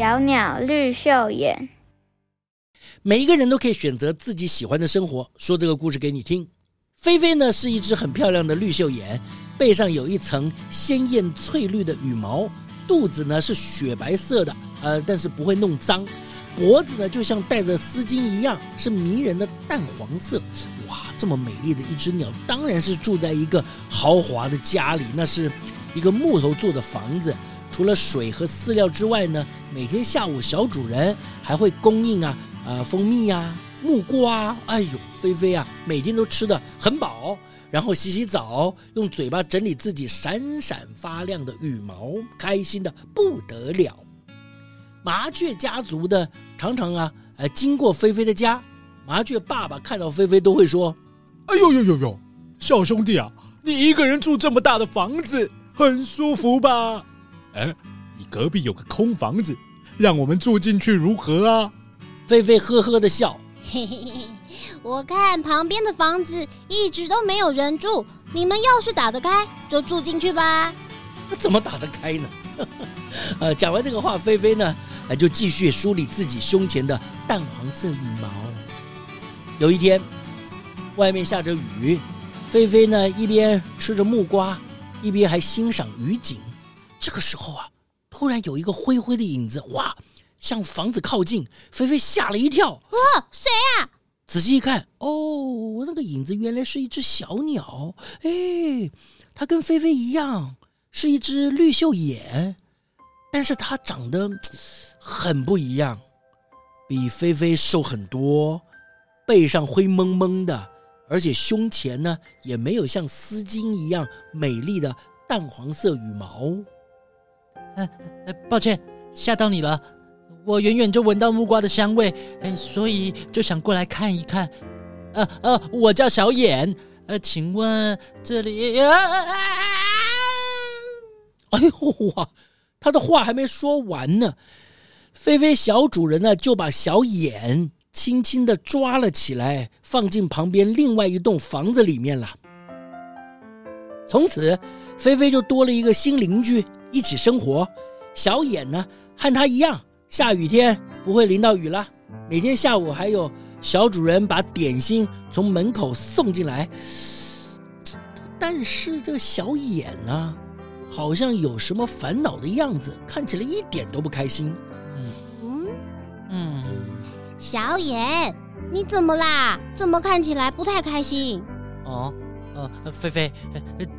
小鳥綠繡眼，每一個人都可以選擇自己喜歡的生活。說這個故事給你聽。菲菲呢，是一隻很漂亮的綠繡眼，背上有一層鮮豔翠綠的羽毛，肚子呢是雪白色的，呃，但是不會弄髒。脖子呢，就像戴着絲巾一樣，是迷人的淡黃色。哇，這麼美麗的一隻鳥，當然是住在一個豪華的家裡，那是一個木頭做的房子。除了水和飼料之外呢，每天下午小主人還會供應啊啊、呃、蜂蜜呀、啊、木瓜。哎呦，菲菲啊，每天都吃得很飽，然後洗洗澡，用嘴巴整理自己閃閃發亮的羽毛，開心的不得了。麻雀家族的常常啊，呃，經過菲菲的家，麻雀爸爸看到菲菲都會說：“哎呦呦呦呦，小兄弟啊，你一個人住這麼大的房子，很舒服吧？”哎，你隔壁有個空房子，讓我們住進去如何啊？菲菲呵呵地笑。 我看旁邊的房子一直都沒有人住，你們要是打得開就住進去吧。怎麼打得開呢？呃、 啊，講完這個話，菲菲呢，就繼續梳理自己胸前的淡黃色羽毛。有一天，外面下着雨，菲菲呢一邊吃着木瓜，一邊還欣賞雨景。這個時候啊，突然有一個灰灰的影子，哇，向房子靠近。菲菲嚇了一跳：“呃，誰啊？”仔細一看，哦，那個影子原來是一隻小鳥。哎，它跟菲菲一樣，是一隻綠繡眼，但是它長得很不一樣，比菲菲瘦很多，背上灰蒙蒙的，而且胸前呢也沒有像絲巾一樣美麗的淡黃色羽毛。呃，抱歉，嚇到你了。我遠遠就聞到木瓜的香味，所以就想過來看一看。呃呃，我叫小眼。呃，請問這裡啊……哎呦哇！他的話還沒說完呢，菲菲小主人呢就把小眼輕輕的抓了起來，放進旁邊另外一棟房子裡面了。從此，菲菲就多了一個新鄰居。一起生活，小眼呢，和他一樣，下雨天不會淋到雨了。每天下午還有小主人把點心從門口送進來。但是這個小眼呢，好像有什麼煩惱的樣子，看起來一點都不開心。嗯嗯，小眼，你怎麼啦？怎麼看起來不太開心？哦，呃，菲菲，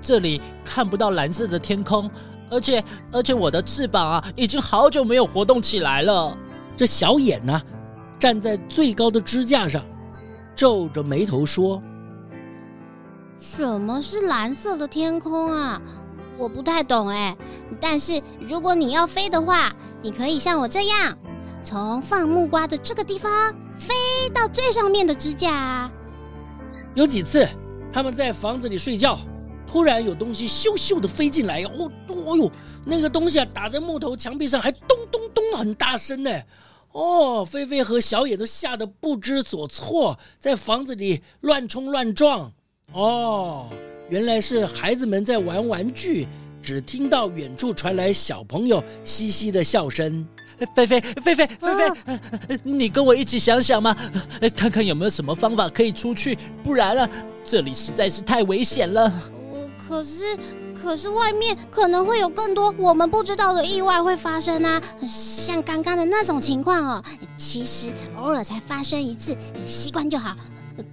這裡看不到藍色的天空。而且，而且我的翅膀啊，已經好久沒有活動起來了。這小眼呢，站在最高的支架上，皺着眉頭說：“什麼是藍色的天空啊？我不太懂哎。但是如果你要飛的話，你可以像我這樣，從放木瓜的這個地方飛到最上面的支架。”有幾次，他們在房子裡睡覺。突然有東西咻咻地飛進來，哦，哦呦，那個東西啊，打在木頭牆壁上還咚咚咚很大聲呢。哦，菲菲和小野都嚇得不知所措，在房子裡亂衝亂撞。哦，原來是孩子們在玩玩具，只聽到遠處傳來小朋友嘻嘻的笑聲。菲菲，菲菲，菲菲，啊，你跟我一起想想嘛，看看有沒有什麼方法可以出去，不然啊，這裡實在是太危險了。可是，可是外面可能會有更多我們不知道的意外會發生啊！像剛剛的那種情況哦，其實偶爾才發生一次，習慣就好。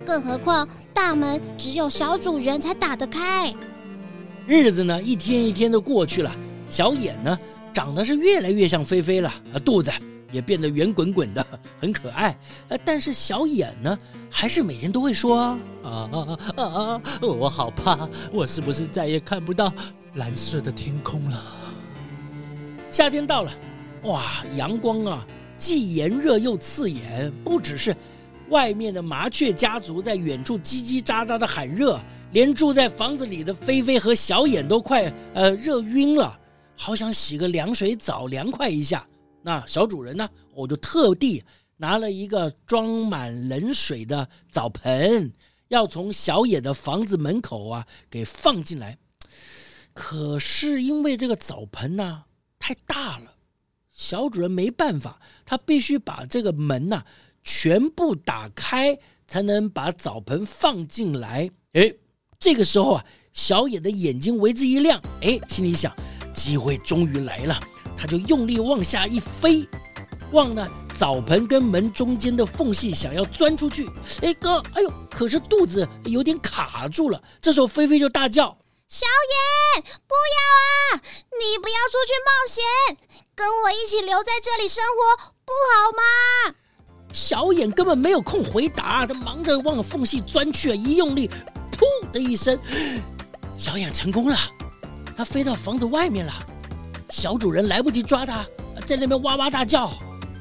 更何況大門只有小主人才打得開。日子呢，一天一天的過去了，小眼呢，長得是越來越像菲菲了啊，肚子。也變得圓滾滾的，很可愛。但是小眼呢，還是每天都會說：“啊啊啊啊啊！我好怕，我是不是再也看不到藍色的天空了？”夏天到了，哇，陽光啊，既炎熱又刺眼。不只是外面的麻雀家族在遠處嘰嘰喳喳的喊熱，連住在房子裡的菲菲和小眼都快呃熱暈了，好想洗個涼水澡，涼快一下。那小主人呢、啊，我就特地拿了一個裝滿冷水的澡盆，要從小野的房子門口啊給放進來。可是因為這個澡盆呢、啊、太大了，小主人沒辦法，他必須把這個門吶、啊、全部打開才能把澡盆放進來。哎，這個時候啊，小野的眼睛為之一亮，哎，心裡想：機會終於來了。他就用力往下一飛，往那澡盆跟門中間的縫隙想要鑽出去。哎哥，哎呦！可是肚子有點卡住了。這時候菲菲就大叫：“小眼，不要啊！你不要出去冒險，跟我一起留在這裡生活不好嗎？”小眼根本沒有空回答，他忙着往縫隙鑽去啊！一用力，噗的一聲，小眼成功了，他飛到房子外面了。小主人來不及抓它，在那邊哇哇大叫。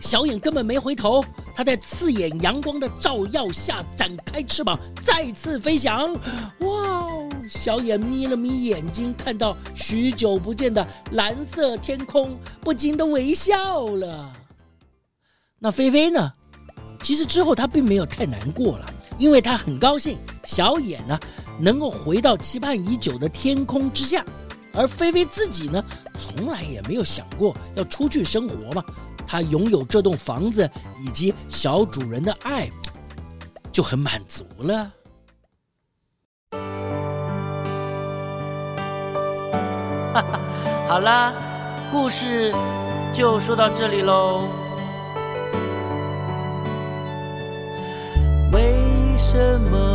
小眼根本沒回頭，它在刺眼陽光的照耀下展開翅膀，再次飛翔。哇哦，小眼眯了眯眼睛，看到許久不見的藍色天空，不禁的微笑了。那菲菲呢？其實之後它並沒有太難過了，因為它很高興小眼呢能夠回到期盼已久的天空之下。而菲菲自己呢，從來也沒有想過要出去生活嘛。她擁有這棟房子以及小主人的愛，就很滿足了。哈哈，好啦，故事就說到這裡嘍。為什麼？